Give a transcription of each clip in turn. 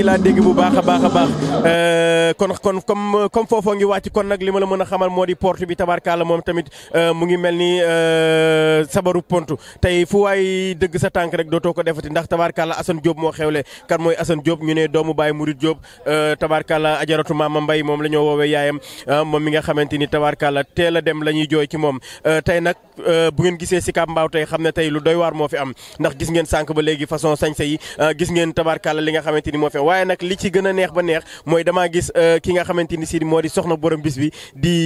ngi laa dégg bu baax a baax a baax euh, kon kon comme comme foofoo ngi wàcc kon nag li ma la mën a xamal moo di porte bi tabarkaala moom tamit euh, mu ngi mel ni euh, sabaru pont tey fu waay dëgg sa tànk rek dootoo ko defati ndax tabarkaala Assane jóob moo xewle kan mooy Assane Diop ñu ne doomu baay Murid Diop euh, tabarkaala ajaratu maama Mbay moom la ñoo woowee yaayam moom mi nga xamante ni tabarkaala teel a dem la ñuy jooy ci moom tey nag bu ngeen gisee Sicap Mbao tey xam ne tey lu doy waar moo fi am ndax gis ngeen ba léegi façon sañse yi gis ngeen li nga xamante ni moo fi waaye nag li ci gën a neex ba neex mooy damaa gis Euh, ki nga xamante ni si moo di soxna borom bis bi di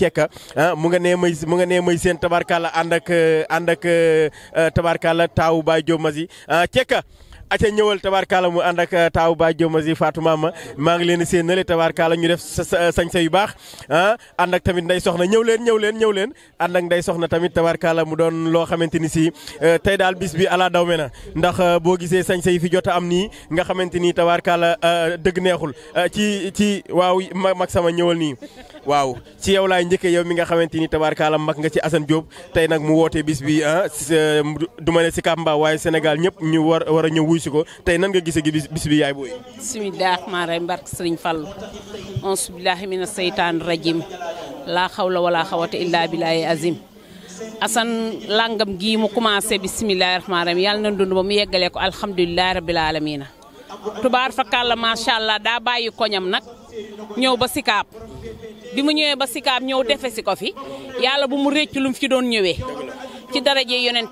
cekka euh, ah mu nga ne may mu nga ne may seen tabarkalla ànd ak euh, ànd ak taawu baay Jóob Masi ah, cekka aca ñëwal tabarkaala mu ànd ak euh, taaw ba si Fatou Mama maa ngi leen seen nale tabarkaala ñu def euh, sañsa yu baax ah ànd ak tamit nday soxna ñëw leen ñëw leen ñëw leen ànd ak nday soxna tamit tabarkaala mu doon loo xamante ni si euh, tey daal bis bi ala daw me na ndax boo gisee sañsa yi fi jot am nii nga xamante ni tabarkaala dëgg neexul ci ci waaw mag sama ñëwal nii waaw si yow laay njëkkee yow mi nga xamante ni tabaarkaala mag nga ci Assane Diop tey nag mu woote bis bi ah, du ma ne si Kamba waaye Sénégal ñëpp ñu war war a ñëw wuy si ko tey nan nga gisee gi bis bi yaay booy. bisimilah rahmaani rahiim barke sëriñ Fall auzu billaahi mina seytaani rajiim laa xawla wala xawata illaa billaahi azim Assane langam gii mu commencé bisimilah rahmaani yàlla na dund ba mu yeggalee ko alhamdulilah rabil aalamiina. tubaar fakàlla macha allah daa bàyyi koñam nag ñëw ba Sikaab. bi mu ñëwee ba sikaab ñëw defe si ko fi yàlla bu mu réccu lu mu fi doon ñëwee ci daraje yonent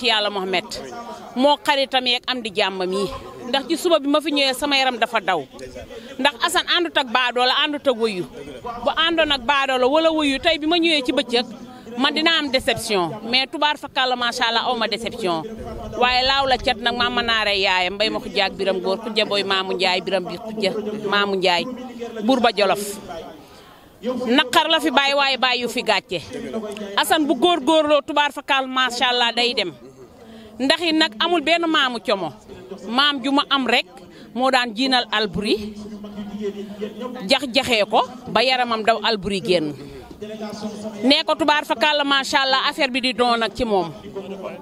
xaritam am di jàmmam yi ndax ci suba bi ma fi ñëwee sama yaram dafa daw ndax Assane àndut ak baadoola àndut ak wëyu bu àndoon ak baadoola wala wëyu tey bi ma ñëwee ci man am déception mais tubaar fakkaal la macha allah aw ma déception waaye laaw la cet nag maam ma naaree yaayam mbay ma xujja biram góor xujja booy maamu njaay biram bi xujja mamu njaay burba jolof naqar la fi bàyyi waaye bàyyi fi gàcce Assane bu góor góorgóorloo tubaar fakal macha allah day dem ndax it nag amul benn maamu como maam ju ma am rek moo daan jiinal Alboury jax jaxe ko ba yaramam daw Alboury génn nee ko tubaar fakal macha allah affaire bi di doon nag ci moom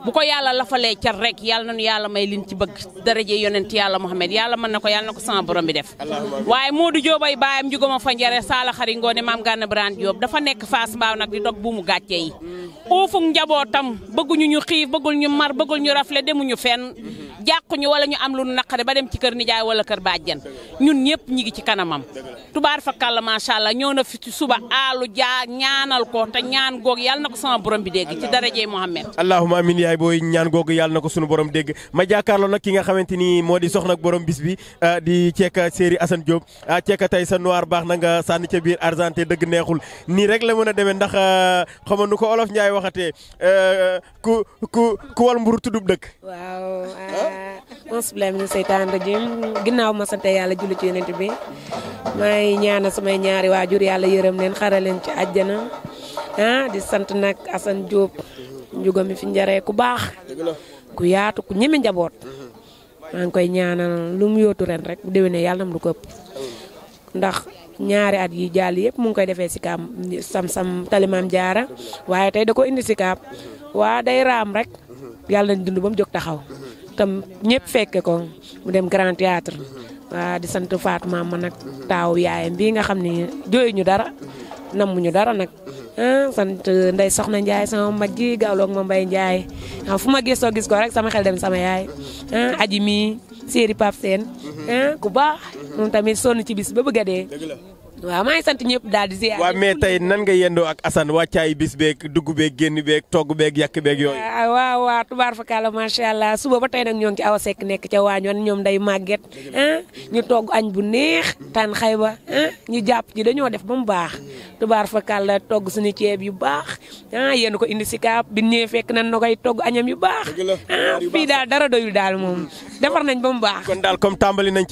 bu ko yàlla lafalee cat rek yàlla nañu yàlla may liñ ci bëgg daraje yonent yàlla Muhammad yàlla mën na ko yàlla na ko sama borom bi def waaye Modou Diobay baayam njugoma fa njare saala xari ngoone maam Gana Birane Diop dafa nekk Fass Mbao nag di dog bu mu gàcce yi uufuk njabootam bëgguñu ñu xiif bëggul ñu mar bëggul ñu rafle demuñu fenn jàquñu wala ñu am lu naqare ba dem ci kër nijaay wala kër bàjjen ñun ñëpp ñi ngi ci kanamam tubaar fakkàlla macha allah ñëw na fi ci suba aalu jaa ñaanal ko te ñaan goog yàlla na ko sama borom bi dégg ci Ablaye Boy ñaan googu yàlla na ko sunu borom dégg ma jàkkaarloo nag ki nga xamante ni moo di soxna borom bis bi ah, di ceeka séeri asan Diop ah ceeka tey sa noir baax na nga sànni ca biir argenté dëgg neexul nii rek la mën a demee ndax ah, xam nu ko olof Ndiaye waxatee ah, ku ku ku wal mburu tuddub dëkk. waaw bismilaahi mina seytaani rajiim ginnaaw ma sante yàlla julli ci yonent bi may ñaana samay ñaari waajur yàlla yërëm leen xaraleen ci àjjana ah di sant nag Assane Diop. njuga mi fi njaree ku baax ku yaatu ku ñeme njaboot mm-hmm. maa ngi koy ñaanal lu mu yootu ren rek bu déwénee yàlla na mu du ko ndax ñaari at yi jàll yëpp mu ngi koy defee si sam sam talimaam jaara waaye tey da ko indi si kaam mm-hmm. waa day raam rek mm-hmm. yàlla nañ dund ba mu jóg taxaw tam ñëpp fekke ko mu dem grand théâtre waa di sant Fatma ma nag taaw yaayam bii nga xam ne jooyu ñu dara namuñu dara nag Ah, sant Ndeye Soxna Ndiaye sama mag ji gawloog ma mbay Ndiaye ah fu ma gëstoo gis ko rek sama xel dem sama yaay aji ah, mi séeri Pape Sène mhm. ah, ku baax moom tamit sonn ci bis ba bëgg dee waaw maa ngi sant ñëpp daal di ziar. waaw mais tey nan nga yendoo ak Assane wàccaay bis beeg dugg beeg génn beeg togg beeg yàq beeg yooyu. waaw waaw tubaar fa kàlla macha allah suba ba tey nag ñoo ngi ci awa sekk nekk ca waañoon ñoom day màgget ah, ñu togg añ bu neex tànn xay ah ñu jàpp ji dañoo def ba mu baax tubaar fa kàlla togg suñu ceeb yu baax ah yéen ko indi si kaab bi ñëwee fekk nan na koy togg añam yu baax ah fii daal dara doyul daal moom defar nañ ba mu baax. kon daal comme tàmbali nañ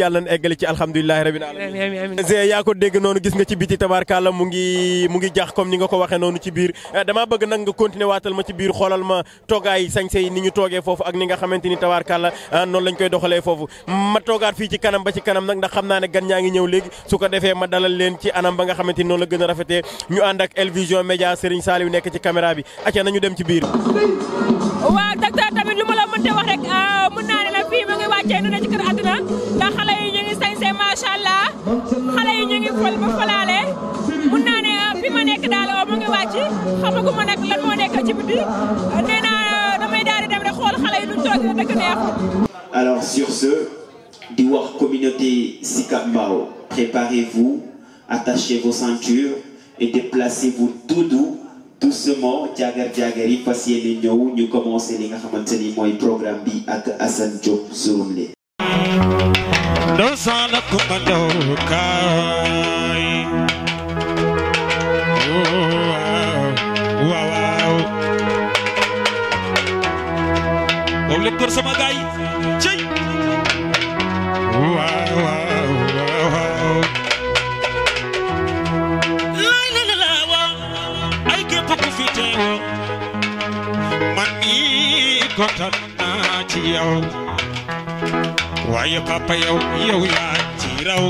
yàlla na eggale ci alhamdulillahi ya ko deg noonu gis nga ci biti tabarakallah mu ngi mu ngi jax comme ni nga ko waxe noonu ci bir eh, dama bëgg nak nga continuer watal ma ci bir xolal ma toogaay sañse ni ñu toogee fofu ak ni nga xamanteni tabarakallah ah, non lañ koy doxale fofu ma togaat fi ci kanam ba ci kanam nak ndax xamna ne gan ñaa ngi ñëw su ko defé ma dalal leen ci anam ba nga xamanteni non la gëna rafété ñu and ak elvision media Serigne saliw nekk ci caméra bi acca nañu dem ci biir tak docteur tamit luma la mën te wax rek ah, mën na ne nag fi mu ngi wàccee nu ne ci kër àdduna ndax xale yi ñu ngi ma sha allah xale yi ñu ngi fol ba folaale mun naa ne ah, fi ma nek daal ah, mo ngi wàcc xamaguma nak lan mo nek ci biti nee naa ah, damay daari dem rek xol xale yi duñ toog dëgg neexul. alors sur ce di wax communauté Sicap Mbao préparez-vous attachez vos ceintures et déplacez-vous tout doux doucement jaagar-jaagar passé fas ñeu ñu commencer li nga xamante moy programme bi ak Assane Diop Souroulé. doo saana kuma ndaw kaay waaw waaw waaw lay la la la ay képp ku fi teewoo man mii kontaan naa ci waye papa yow yow ya ci raw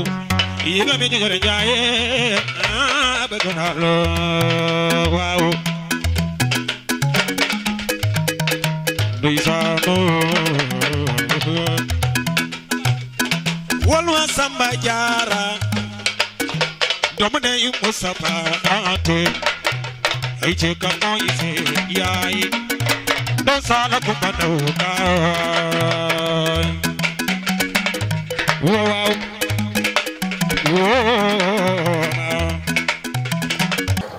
yéen a ngi ñëw rek jaayee ah bëgg naa loo waaw. ndeysaan wolwa samba doma doomu ne yu Mustapha Kanté ay ci ka don sala yaay doo a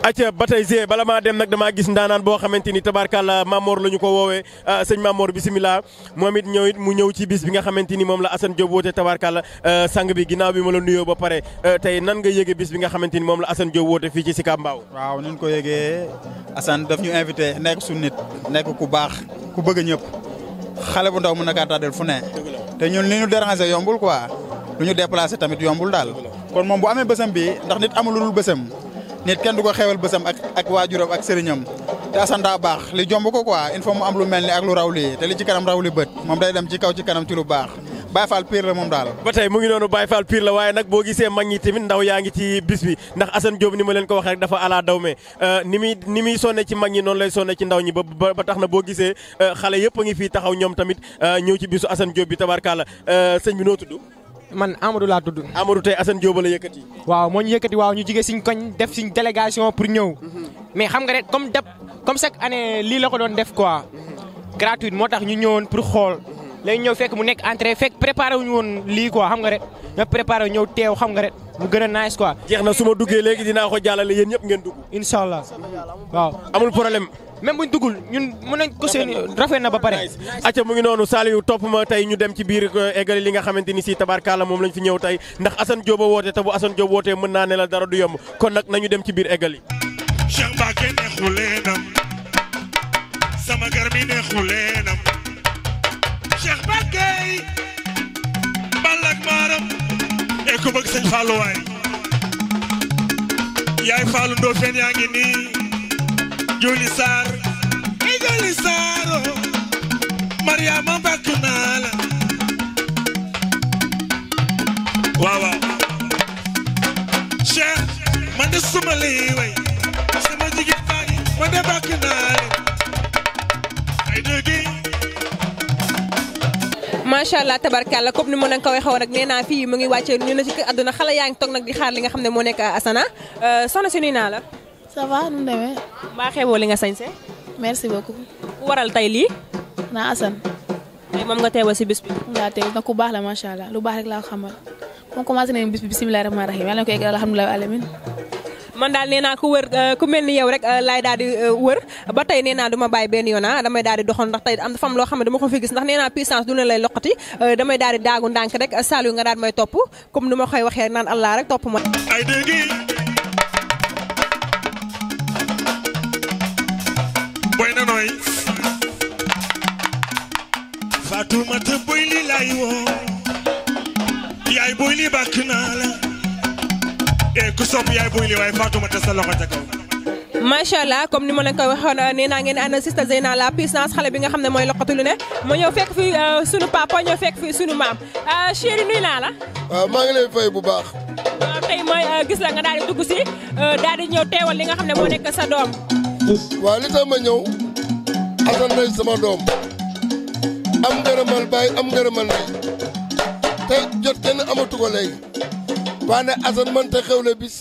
acca ba tey Zé bala maa dem nag dama gis ndaanaan boo xamante ni tabaarkàlla Mamor la ñu ko woowee ah, sëñ Mamor bisimilah moom it ñëw it mu ñëw ci bis bi nga xamante ni moom la Assane Diop woote tabaarkàlla ah, sang bi ginnaaw bi ma la nuyoo ba pare ah, tey nan nga yëgee bis bi nga xamante ni moom la Assane Diop woote fii ci Sicap Mbao waaw nun ko yëgee Assane def ñu invité nekk suñu nit nekk ku baax ku bëgg ñëpp xale bu ndaw mën a kaa tàddeel fu ne te ñun li ñu déranger yombul quoi lu ñu déplacé tamit yombul daal kon moom bu amee bësam bi ndax nit amul lu dul bësam nit kenn du ko xewal bësam ak ak waajuram ak sëriñam te Assane daa baax li jomb ko quoi il faut mu am lu mel ni ak lu raw lii te li ci kanam raw li bët moom day dem ci kaw ci kanam ci lu baax Baye Fall Pire la moom daal. ba tey mu ngi noonu Baye Fall Pire la waaye nag boo gisee mag ñi tamit ndaw yaa ngi ci bis bi ndax Assane Diop ni ma leen ko waxee rek dafa alaa daw me euh, ni muy ni muy sonne ci mag ñi noonu lay sonne ci ndaw ñi ba ba tax na boo gisee euh, xale yëpp a ngi fii taxaw ñoom tamit euh, ñëw ci bisu Assane bi tabarkaala sëñ noo tudd man Amadou laa tudd. Amadou tey Assane Diop la yëkkati. waaw moo ñu yëkkati waaw ñu jige siñ koñ def siñ délégation pour ñëw. Mm-hmm. mais xam nga rek comme dab comme chaque année lii la ko doon def quoi. Mm-hmm. gratuite moo tax ñu ñëwoon pour xool. Mm-hmm. lay ñëw fekk mu nekk entrée fekk préparé wu woon lii quoi xam nga rek ñoo préparé ñëw teew xam nga rek mu gën a nice quoi. jeex na su ma duggee léegi dinaa ko jàllale yéen ñëpp ngeen dugg. incha allah waaw amul problème. même buñ duggul ñun mën nañ ko seen rafet na ba pare. acca mu ngi noonu Saliou topp ma tey ñu dem ci biir eggali euh, li nga xamante ni si tabarkaala moom lañ fi ñëw tey ndax Assane Diop a woote te bu Assane Diop wootee mën naa ne la dara du yomb kon nag nañu dem ci biir eggali. Cheikh Mbacké neexu leenam sama gar mi neexu leenam Cheikh Mbacké balak maaram e ko bëgg sëñ Fallou waay yaay Fallou Ndofène yaa ngi nii Joli Sarr i Joli Sarr Mariama bàkk naa la waaw waaw Cheikh man de suma lay way sama jigéen baa man de bàkk naa la ay dëgg macha allah tabarkàlla comme ni ma leen ko waxee woon rek fii mu ngi wàccee ñu ne ci kër xale yaa ngi toog nag di xaar li nga xam ne moo nekk Asana euh, soxna si nuyu naa la. ça va nu mu demee. mbaa xewoo li nga sañse merci beaucoup. ku waral tey lii. naa Assane. tey moom nga teewal si bis bi. nga teew na ku baax la macha allah lu baax rek laa ko xamal. moom commencé nañu bis bi bisimilah rahmaani rahiim na ko egg alhamdulilah man daal nee naa ku wër euh, ku mel ni yow rek euh, laay daal di euh, wër ba tey nee naa du ma bàyyi benn yoon ah, damay daal di doxoon ndax tey am fam loo xam ne dama ko fi gis ndax nee naa puissance du ne lay loqati damay daal di daagu ndànk rek saal yu nga daal may topp comme nu ma koy waxee naan allah rek topp ma. tumata boy li lay woo yaay boy li bàkk naa la e sopp yaay boy li waaye faatumata sa loxo ca kaw macha allah comme ni ma leen ko waxoon euh, naa ngeen ànd Sister Zeyna la puissance xale bi nga xam ne mooy loqatu ne ma ñëw fekk fi euh, sunu papa ñëw fekk fi sunu maam euh, chéri nuyu naa la. waaw maa ngi lay fay bu baax. waaw tey mooy gis la nga daal di dugg si daal di ñëw teewal li nga xam ne moo nekk sa doom. waaw li tax ma ñëw Assane day sama doom. am ngërëmal baay am ngërëmal nay te jot kenn amatu ko léegi waa ne Assane man te xewle bis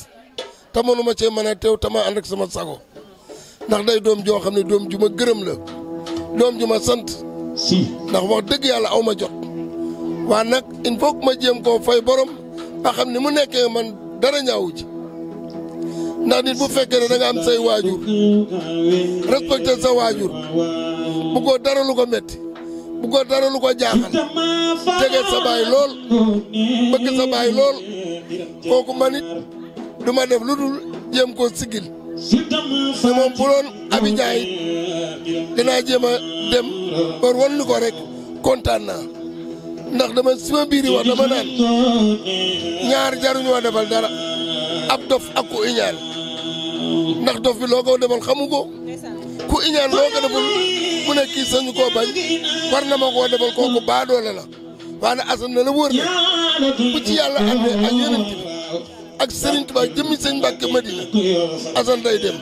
te manuma cee mën a teew te ma ak sama sago ndax day doom joo xam ne doom ju ma gërëm la doom ju ma sant ndax wax dëgg yàlla aw ma jot waa nag il faut que ma jéem koo fay borom ba xam ni mu nekkee man dara ñaawu ci ndax nit bu fekkee ne da am say waajur respecté sa waajur bu dara lu ko metti bu dara lu ko jaaxal jege sa baay lool bëgg sa baay lool kooku man it def lu dul jéem koo sigil te moom bu doon Abidjan it dinaa jéem a dem war wan ni ko rek kontaan naa ndax dama suma biir wax dama naan ñaar jaruñoo defal dara ab dof ak ku iñaan ndax dof bi loo ko defal xamu ko ku iñaan loo ko defal ku ne kii sañu koo bañ war na ma koo defal kooku baadoole la waane asan na la wóor na bu ci yàlla àndee ak yeneen bi ak Serigne Touba jëmmi sëñ Mbàkke Madina asan day dem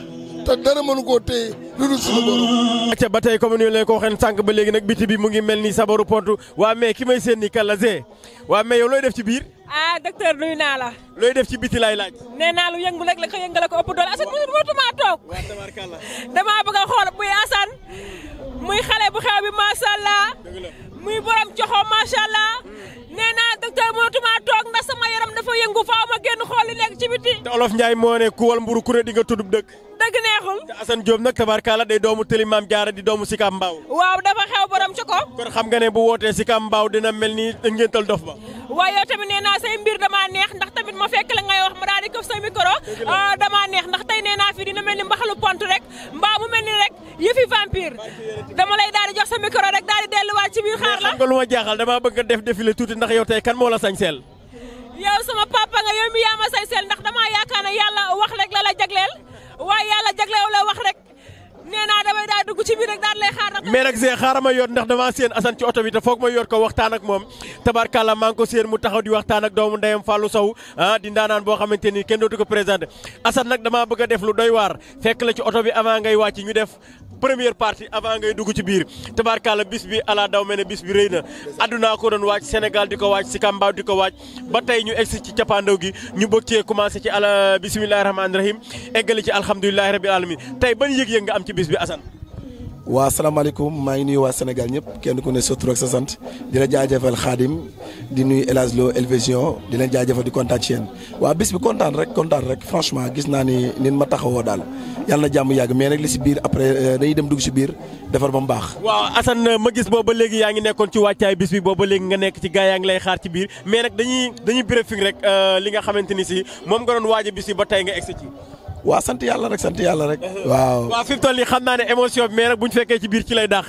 te dara mënu koo téye lu dul suñu borom. acca ba tey comme ni leen ko waxee sànq ba léegi nag biti bi mu ngi mel nii sabaru pont waa mais ki may seen ni kàlla zee waa mais yow looy def ci biir. ah docteur nuyu naa la. loy def ci biti lay laaj. neena lu yeng rek la ko yëngal ko upp doole Assane mosul mootuma toog. waaw tabarkalla. damaa bëgg a xool buy muy xale bu xew bi sha allah. muy borom joxo sha allah. Hmm. nee naa docteur mootuma tok ndax sama yaram dafa yengu faaw ma génn xool li nekk ci biti. te Olof nday mo ne ku wal mburu ku di nga tudd deug deug neexul. te Assane Diop nag tabarkalla day doomu mam jaara di doomu sikam baw waaw dafa xew borom ci ko. kon xam nga ne bu wote sikam baw dina melni ni dof ba. waaye tamit neena say mbir dama neex ndax tamit ma fekk la ngay wax ma daal di këf sa micro ah, dama neex ndax tey nee naa fi dina mel ni mbaxalu pont rek mbaa mu mel ni rek yëfi vampire dama lay daal di jox sa micro rek daal di delluwaat ci biir xaar la xam nga lu ma jaaxal dama bëgg a def défilé tuuti ndax yow tey kan moo la sañseel yow sama papa nga yow yaa ma sañseel ndax dama yaakaar ne yàlla wax rek la la jagleel waaye yàlla jagleel la wax rek nee naa damay daal mais nag see xaaral ma yoot ndax damaa séen Assane ci oto bi te foog ma yoot ko waxtaan ak moom tabarkàlla maa ngi ko séen mu taxaw di waxtaan ak doomu ndeyam Fallou Sow ah di boo xamante ni kenn dootu ko présenté Assane nag damaa bëgg def lu doy waar fekk la ci oto bi avant ngay wàcc ñu def première partie avant ngay dugg ci biir tabaarkàlla bis bi ala daw mel ne bis bi rëy na addunaa ko doon waaj Sénégal di ko waaj si Kambaaw di ko waaj ba tey ñu egsi ci cappaandaw gi ñu bëgg cee ci ala bisimilahi rahmaani rahim eggali ci alhamdulilahi rabil alamin tey ban yëg-yëg nga am ci bis bi Assane waa asalaamaaleykum maa ngi nuyu waa Sénégal ñëpp kenn ku ne sa tur ak sant di la jaajëfal Xaadim di nuyu El Hadj Lo El Vision di leen jaajëfal di kontaan ci yéen waa bis bi kontaan rek kontaan rek franchement gis naa ni nin ma taxawoo daal yàlla na jàmm yàgg mais nag li si biir après euh, dañuy dem dugg si biir defar ba mu baax. waaw Assane ma gis booba léegi yaa ngi nekkoon ci wàccaay bis bi booba léegi nga nekk ci gaa yaa ngi lay xaar ci biir mais nag dañuy dañuy briefing rek euh, li nga xamante ni si moom nga doon waaj bis ba tey nga egg ci waa sant yàlla rek sant yàlla rek. waaw waaw fi xam naa ne émotion bi mais nag bu fekkee ci biir ci lay dàq.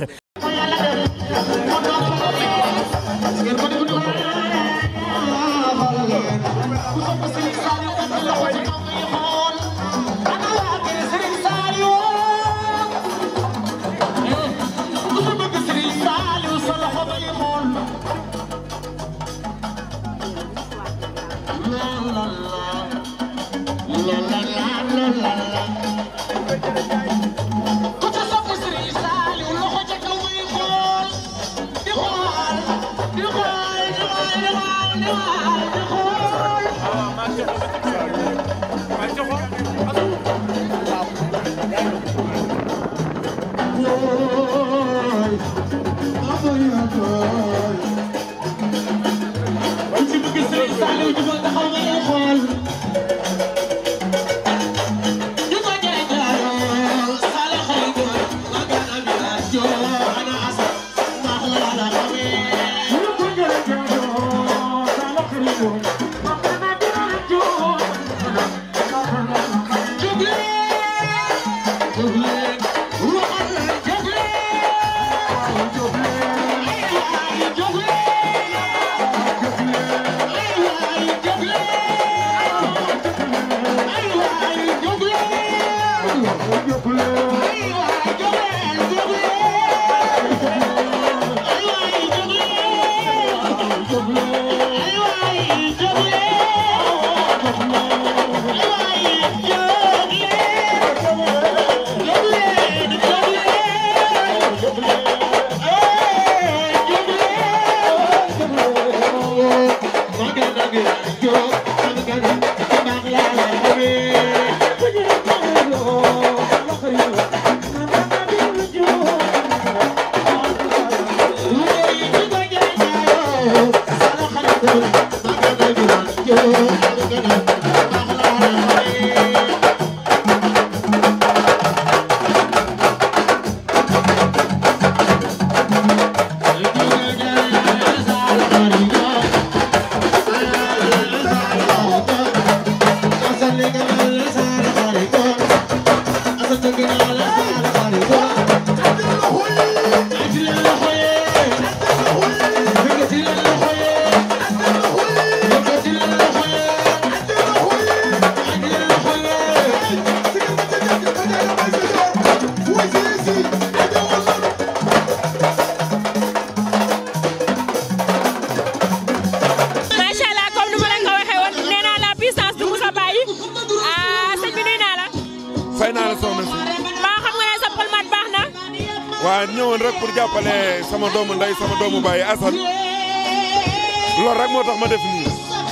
loolu rek moo tax ma def nii.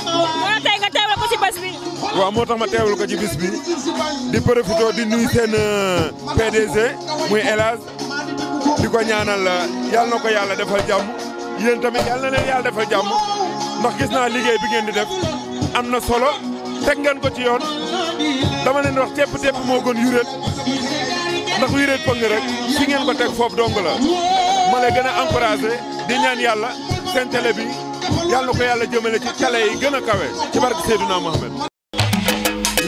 moo tey nga teewal ko ci bés moo tax ma teewal ko ci bis bi di profité di nuyu seen euh, PDG muy El di ko ñaanal euh, yàlla na ko yàlla defal jàmm yéen tamit yàlla na leen yàlla defal jàmm ndax gis naa liggéey bi ngeen di def am na solo teg ngeen ko ci yoon dama leen wax tepp tepp moo gën yuréet ndax yuréet pëng rek ko teg foofu dong la ma lay di ñaan yàlla seen bi. yàlla na ko yàlla jëmale ci cale yi gën a kawe ci barke Seydina Mohamed.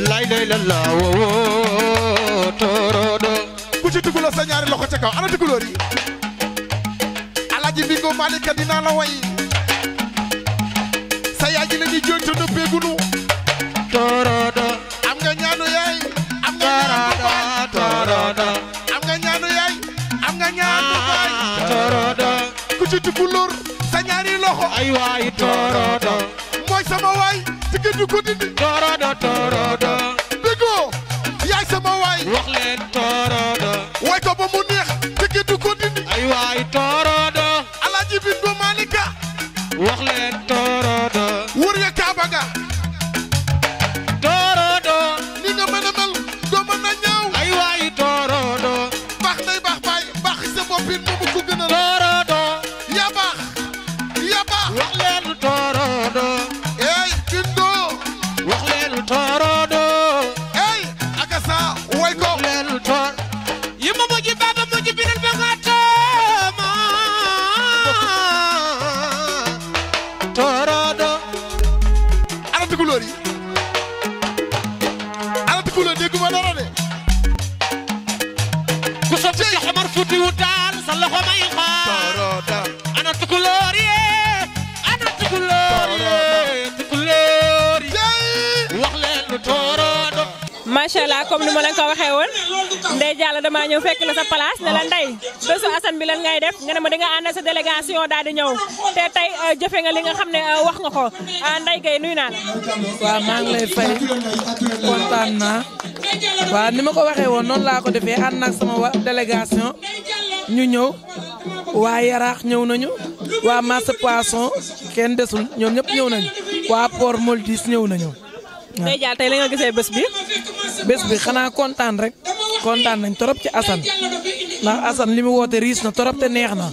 lay day la la woo torodo. ku ci tukuloo sa ñaari loxo ca kaw ana tukulóor yi. alaaji bi ko Malika dinaa la way. sa yaay ji la ñuy jooy te nëbbeegunu. torodo. am nga ñaanu yaay. am nga ñaanu baay torodo. am nga ñaanu yaay. am nga ñaanu baay ah, torodo. ku ci tukulóor. sa ñaari loxo ay waay torodo mooy sama waay diggante ko dindi torodo torodo déggoo yaay sama waay wax leen torodo way ko ba mu neex diggante ko dindi ay waay torodo alaaji bi do malika wax def nga ne ma da nga ànd sa délégation daal di ñëw te tey euh, jëfe nga li nga xam ne euh, wax nga ko euh, Ndeye Gueye nuyu naa la. waaw maa ngi lay fay kontaan naa waaw ni ma ko waxee woon noonu laa ko defee ànd nag sama wa délégation ñu ñëw waa Yaraax ñëw nañu waa Massa Poisson kenn desul ñoom ñëpp ñëw nañu waa Port Moldis ñëw nañu. tey jàll tey la nga gisee bés bi. bés bi xanaa kontaan rek kontaan nañ trop ci Assane ndax Assane li mu woote riis na torop te neex na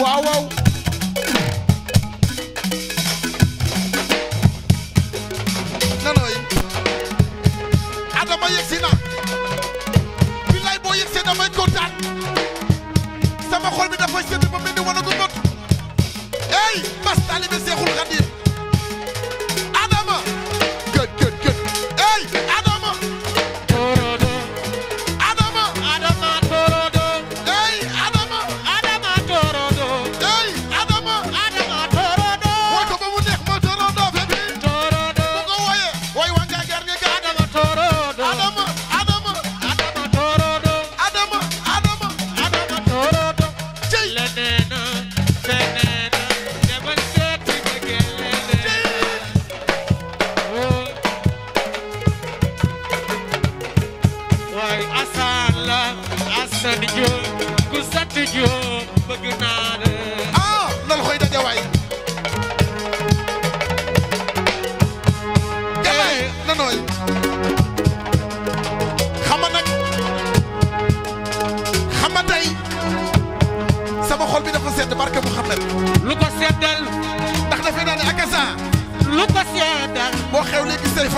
Wow, wow.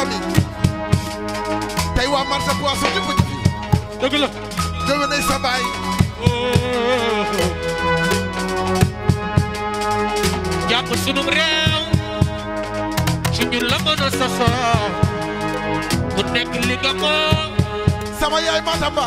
famille tey waa marché poisson ñëpp a ji. dëgg la. déwén nay sa baay. jàpp sunum réew. suñu la mën a sosoo. mu nekk li nga moom. sama yaay Matamba.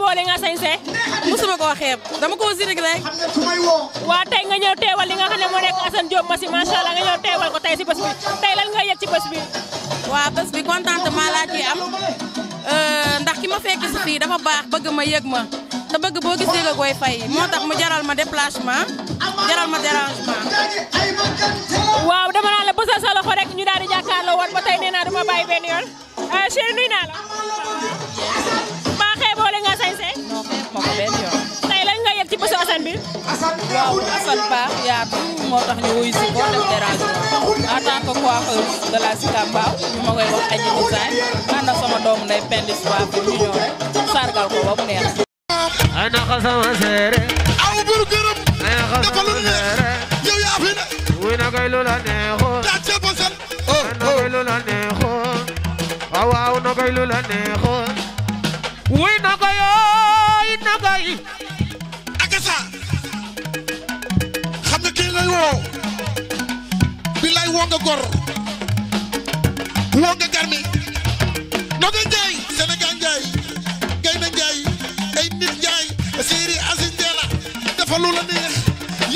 boleh nga sañse musuma koo xeeb dama ko zirig rek waa tey nga ñëw teewal li nga xam ne moo Assane Diop Massi macha allah nga ñëw teewal ko tey si bés bi tey lan nga yëg ci bés bi waa bés bi contentement laa ci am euh, ndax ki ma fekk si fii dafa baax bëgg ma yëg ma te bëgg boo gisee nga koy fay moo mu jaral ma déplacement jaral ma dérangement. waaw dama la sa loxo rek ñu daal di ba euh, la. waaw Assane baax yaatu moo tax ñu wuyu si ko def dérangement en tant que coiffeuse de la Sicap Mbao ñu ma koy wax aji design ànd ak sama doomu nday Pendis waa bi ñu ñëw rek sargal ko ba mu neex. ay naxa sama seere. aw buru gërëm. ay naxa sama seere. yow yaa fi ne. wuy na koy lu la neexoon. daa cee ba sal. oh oh na koy lu la neexoon. waaw waaw na koy lu la neexoon. wuy na koy ooy na koy. woo billaay woo nga gor woo nga garmi noga njaay Sénégal njaay gaynde njaay ay nit njaay séeri asin ndeela dafa lu la neex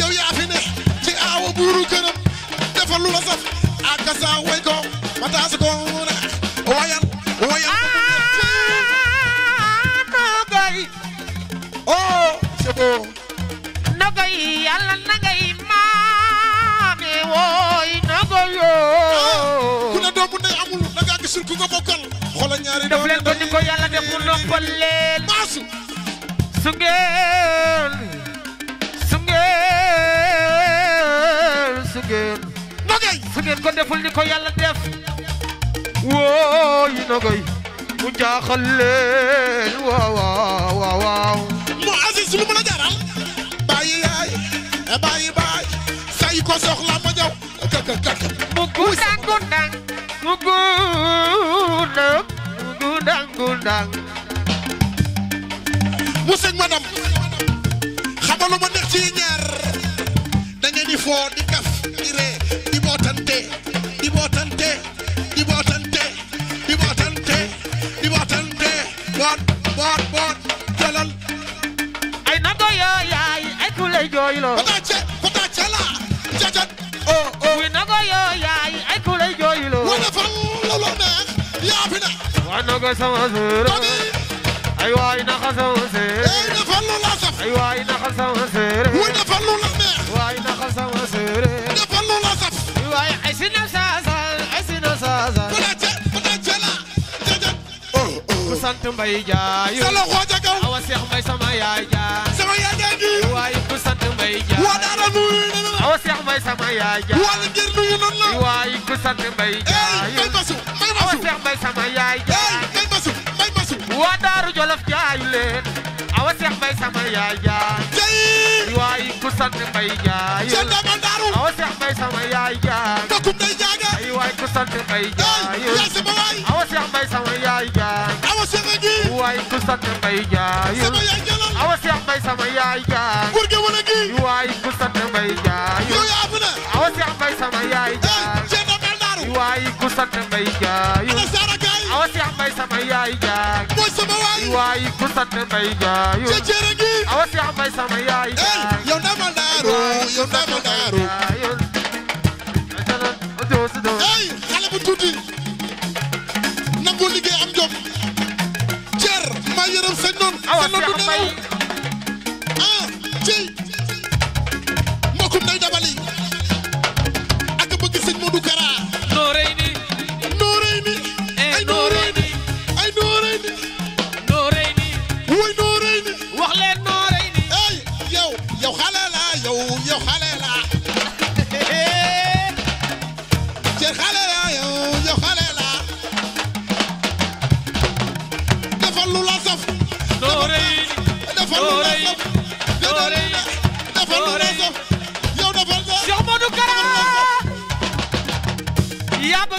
yow yaa fi ci aawa buuru këram dafa lu la saf aka saa Mansour ku ko bokkal xoolal ñaari def leen ko ni ko yàlla def mu noppal leen Mansour su ngeen su ngeen su ngeen nogay su ngeen ko deful ni ko yàlla def wooy nogay mu jaaxal leen waaw waaw waaw mu Aziz lu mu la jaral bàyyi yaay bàyyi baay say ko soxla ma ñëw kaka kaka mu ku nangu nang gundang gundang gundang mu sëñ madam ma nekk ci ñaar da ngeen di di kaf di ree di bootante di bootante doga sama sër ay waay naxa sama sër defal lu la saf ay waay naxa sama sër wuy defal lu la neex waay naxa sama sër defal lu la saf waay ay sina sasa ay sina sasa ku sant mbay jaay sa loxo ca kaw Cheikh Mbaye sama yaay ja sama yaay ja di waay ku sant Mbaye ja wa dara nuyu na la aw Cheikh Mbaye sama yaay ja wala ngir nuyu na la waay ku sant Mbaye ja may basu may basu aw Cheikh Mbaye sama yaay ja may basu may basu wa daaru jolof jaay leen aw Cheikh Mbaye sama yaay ja jey waay ku sant Mbaye ja sa dama daaru aw Cheikh Mbaye sama yaay ja takku day jaaga ay waay ku sant Mbaye ja yaa sama waay aw Cheikh Mbaye sama yaay ja aw Cheikh waay ku sant mbay jaayul awa seex mbay sama yaay jaay góor gi wala gi waay ku sant mbay jaayul awa seex mbay sama yaay jaay waay ku sant mbay jaayul awa seex mbay sama yaay jaay waay ku sant mbay jaayul awa seex mbay sama yaay jaay yow ndamal daaru yow ndamal daaru yërëm sëñ noonu. awa Cheikh Mbaye ah ci.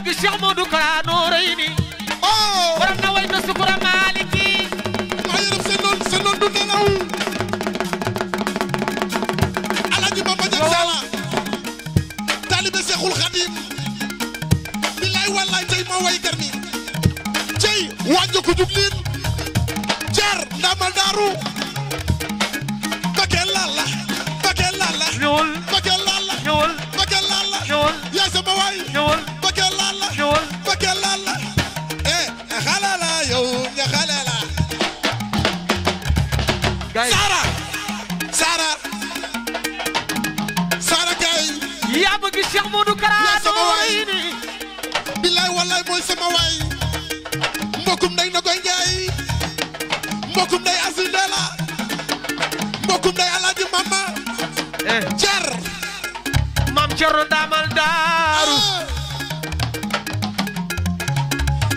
bëgg Cheikh Modou Kara Noreyni waram oh! na way na sukura Maliki maa yërëm seen doon seen doon du nelaw Alaaji Bamba Dieng Sala taalibe Seexul Xadim billaay wallaay tey moo way garmi cey wàññi ko jug liin jar ndamal daaru bakee lalla bakee lalla ñëwal bakee lalla ñëwal bakee lalla ñëwal yaa sama waay ñëwal ni wallaay mooy sama waay mbokkum nday na koy njaay mbokkum nday asindela mbokkum nday alaaji mama eh. cer mam cerno daamal daaru ah.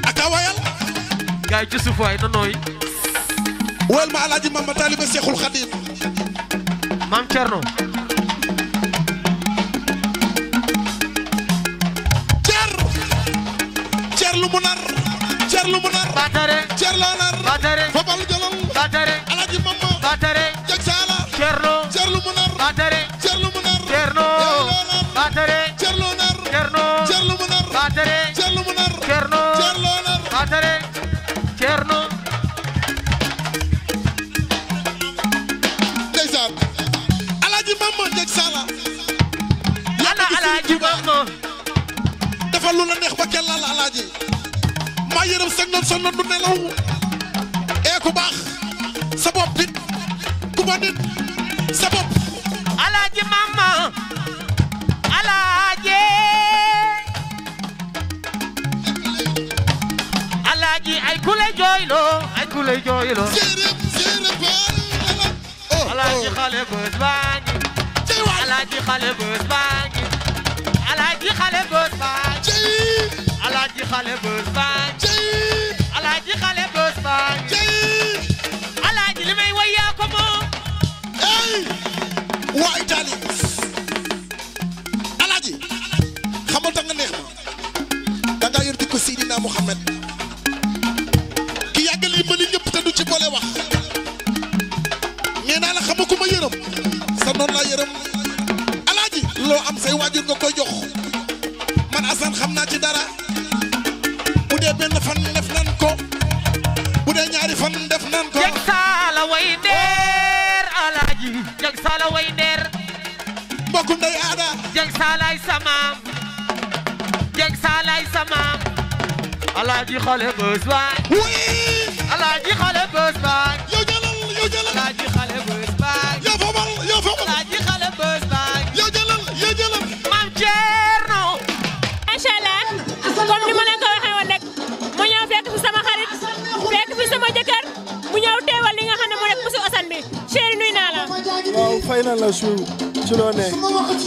aka wayal gaay ci suuf waay nonooy ma alaaji mama taaliba seexul xadiim mam cerno batare cerlo nar batare fobal jolol batare alaji mamma batare jaksala cerlo cerlu munar batare cerlu munar cerno batare cerlo nar cerno cerlu munar batare cerlu munar cerno cerlo nar batare cerno ndeysaan alaji mamma jaksala ana alaji mamma defal lu la neex ba kellal alaji waaye eh, alaaji mama alaaji alaaji ay ku jooyloo ay ku lay oh, oh. alaaji xale bës baa ngi alaaji alaaji xale bës baa ngi alaaji xale bës baa ngi alaaji xale bës baa ngi alaaji li may woy ko moom ey waa Italie alaaji xamal tax neex ma da ngaa yor di ko Seydina ki yàggal yi mbali ñëpp te ci boole wax nee la xama yërëm sa noon laa yërëm alaaji loo am say waajur nga koy jox man Assane xam naa ci dara dee benn fan def nan ko bu dee ñaari fan def nan ko jag saala way ndeer alaaji jag saala way ndeer mbokku ndey aada jag saalaay samaam jag saalaay samaam alaaji xale bës baay oui alaaji xale bës baay yow jëlal yow jëlal alaaji xale fay na la su ci loo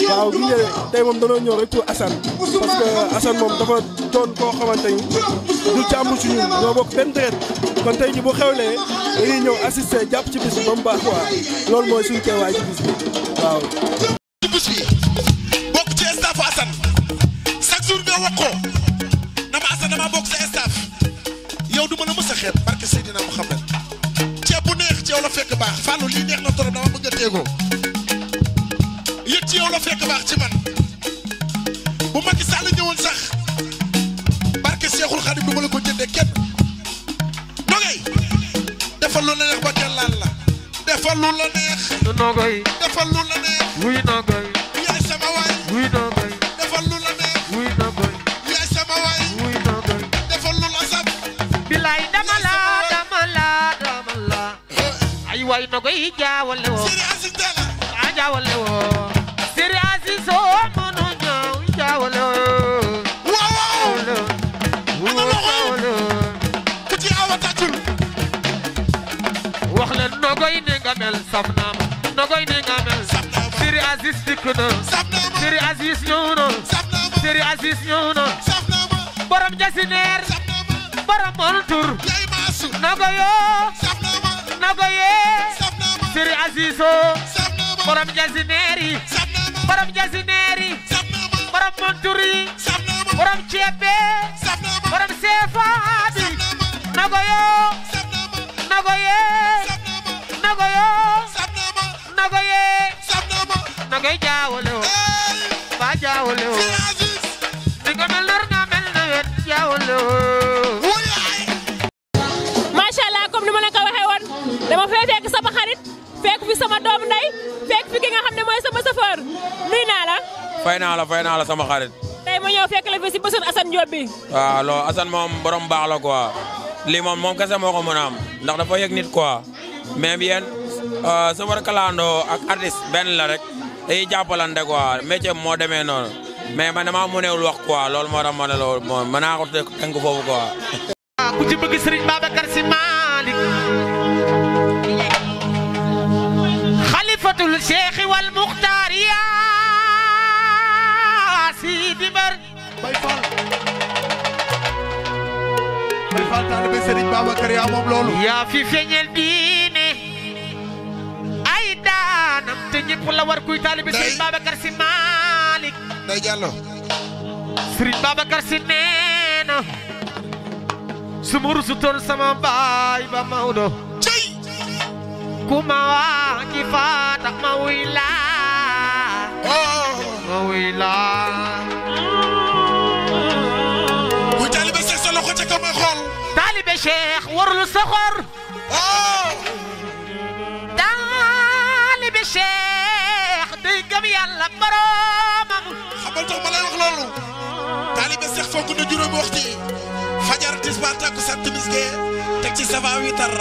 waaw gi tey moom danoo ñëw rek pour Assane parce que Assane moom dafa doon koo xamante ni du càmm ci ñun bokk benn deret kon tey ji bu xewlee dañuy ñëw assister jàpp ci bis bi ba mu baax quoi loolu mooy suñu teewaay ci bis bi waaw. bokk ci staff Assane chaque jour nga wax ko dama Assane dama bokk sa staff yow du ma la mës a xeet barke Seydina Mouhamed ceeb neex ci yow baax Fallou lii neex na dama bëgg a moo la fekk baax ci man bu Macky Sall ñëwoon sax barke Seexul Xadim du ko jëndee kenn nogay defal lu la neex ba kenn laal lu la neex nogay defal lu la neex wuy sama waay wuy nogay defal lu lu la sab bilaay dama la dama la dama la eh. ay waay woo Aziz dikk na Sëriñ Aziz ñëw na Sëriñ Aziz borom jasineer borom montur nago borom jasineer yi borom jasineer yi borom montur borom ceeb borom seefa bi nago yoo nago dangay jaawale woo na ma la ko waxee woon dama fee sama xarit fekk fi sama doomu ndey fekk fi ki nga xam ne mooy sama chauffeur nuyu naa la fay naa la fay naa la sama xarit tey ma ñëw fekk la fi si bësut Assane Diop bi waaw loolu moom borom baax la quoi lii moom moom kese moo ko mën a am ndax nit quoi mais bien euh, safar kalandoo ak artiste benn la rek dañuy jàppalante quoi métier bi moo demee noonu mais man damaa mënewul wax quoi loolu moo tax ma ne loolu moom mën naa ko tënk foofu quoi. ku ci bëgg Serigne Babacar Sy Malick wal Muxtaar yaa Sidi Bar. Baye Fall Baye Fall taalibe Serigne Babacar yaa moom loolu. yaa fi feeñeel di. te ñëpp la war kuy taalibi Serigne Babacar Sy Malick day Diallo Serigne Babacar Sy nee na su ma rusutoon sama baay ba Maodo cey ku ma faata ma wuy laa oh. ma wuy laa ku taalibe Cheikh sa loxo ca kaw may xool taalibe Cheikh cheikh day gëm yàlla boroomam xamal tax ma lay wax loolu taalibe cheikh fonk na juróom waxtu yi fajar tisbaar takkusaan timis gee teg ci sava witar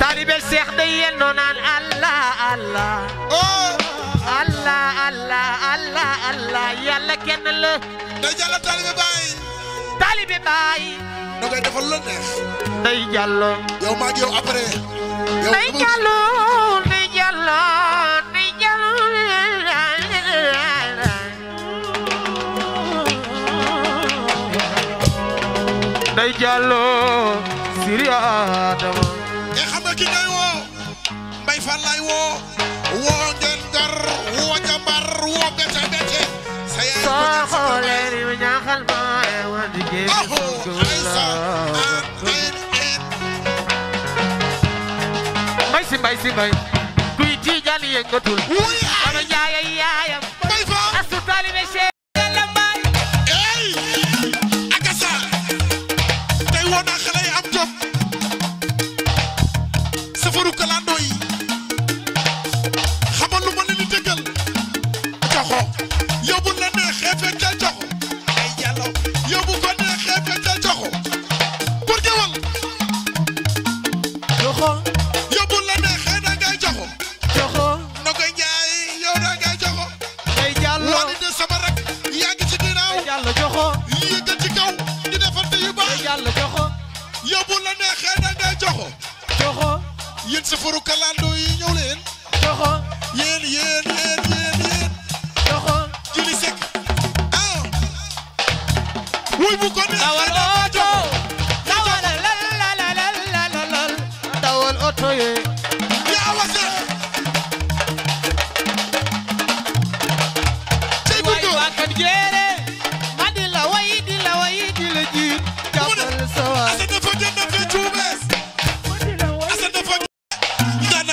taalibe cheikh day yennoo naan allah allah oh! allah allah allah allah yàlla kenn la day jàlla a baay a baay da ngay defal la neex day jàllo yow maa ngi yow après day jàllo day jàlloo siri Adama e xam nga ki ngay woo mbay fan lay woo woo ngeen gar woo jambar woo bete bete sa yaay soo xoolee ni ma ñaaxal ma wa di géej mbay si mbay si mbay gan yëngatul. wuy ay dama jaay ay yaay.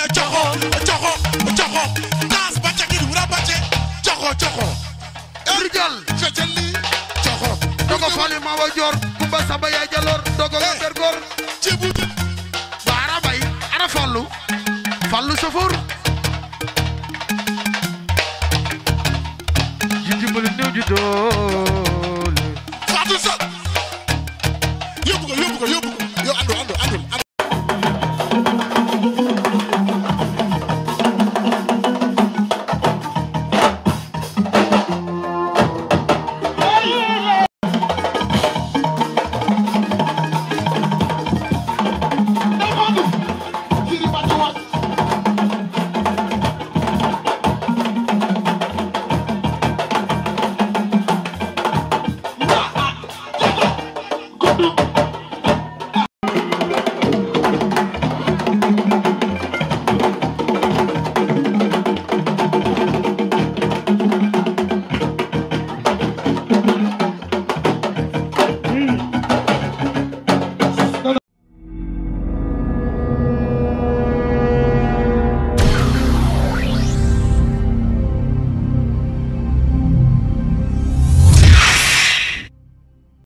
na coxo coxo coxo daas ba ca kii wura ba ca coxo coxo ergal eh, feceli coxo dogo fali ma wa jor kumba samba ya jalor dogo eh, la bergor cibu